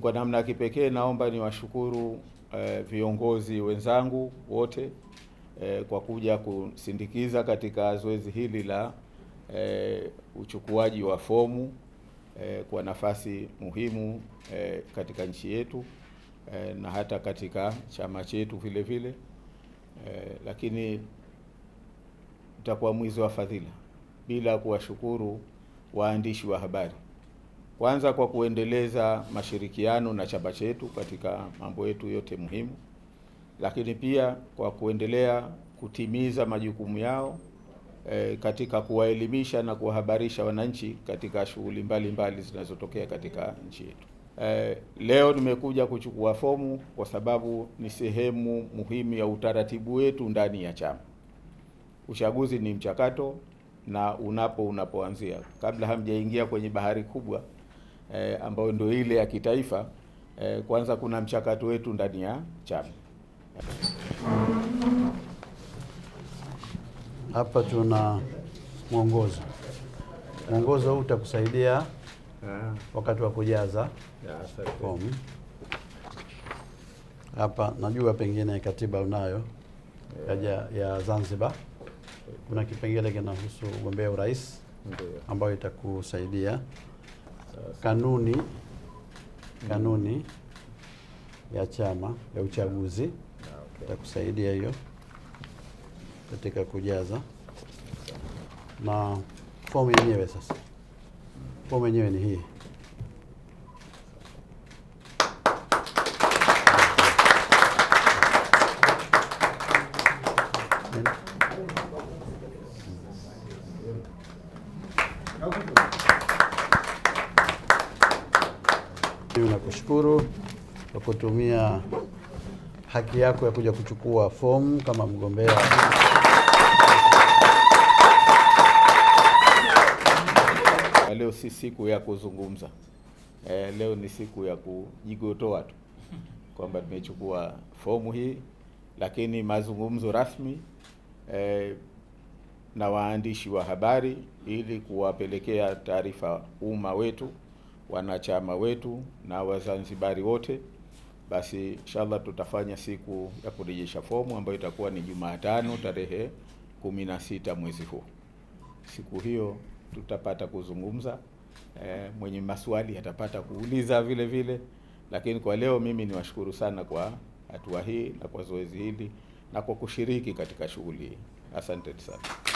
Kwa namna ya kipekee naomba niwashukuru eh, viongozi wenzangu wote eh, kwa kuja kusindikiza katika zoezi hili la eh, uchukuaji wa fomu eh, kwa nafasi muhimu eh, katika nchi yetu eh, na hata katika chama chetu vile vile eh, lakini utakuwa mwizi wa fadhila bila kuwashukuru waandishi wa habari. Kwanza kwa kuendeleza mashirikiano na chama chetu katika mambo yetu yote muhimu, lakini pia kwa kuendelea kutimiza majukumu yao e, katika kuwaelimisha na kuwahabarisha wananchi katika shughuli mbalimbali zinazotokea katika nchi yetu. E, leo nimekuja kuchukua fomu kwa sababu ni sehemu muhimu ya utaratibu wetu ndani ya chama. Uchaguzi ni mchakato na unapo unapoanzia kabla hamjaingia kwenye bahari kubwa eh, ambayo ndio ile ya kitaifa eh, kwanza kuna mchakato wetu ndani ya chama hapa tuna mwongozo. Mwongozo huu utakusaidia ah. wakati wa kujaza fomu hapa. Najua pengine katiba unayo ya, ya Zanzibar, kuna kipengele kinahusu ugombea urais ambayo itakusaidia kanuni kanuni ya chama ya uchaguzi itakusaidia hiyo katika kujaza na fomu yenyewe. Sasa fomu yenyewe ni hii Mimi nakushukuru kwa kutumia haki yako ya kuja kuchukua fomu kama mgombea Leo si siku ya kuzungumza eh, leo ni siku ya kujigotoa tu kwamba tumechukua fomu hii, lakini mazungumzo rasmi eh, na waandishi wa habari ili kuwapelekea taarifa umma wetu wanachama wetu na Wazanzibari wote, basi inshallah tutafanya siku ya kurejesha fomu ambayo itakuwa ni Jumatano tarehe 16 mwezi huu. Siku hiyo tutapata kuzungumza e, mwenye maswali atapata kuuliza vile vile, lakini kwa leo mimi niwashukuru sana kwa hatua hii na kwa zoezi hili na kwa kushiriki katika shughuli hii. Asante sana.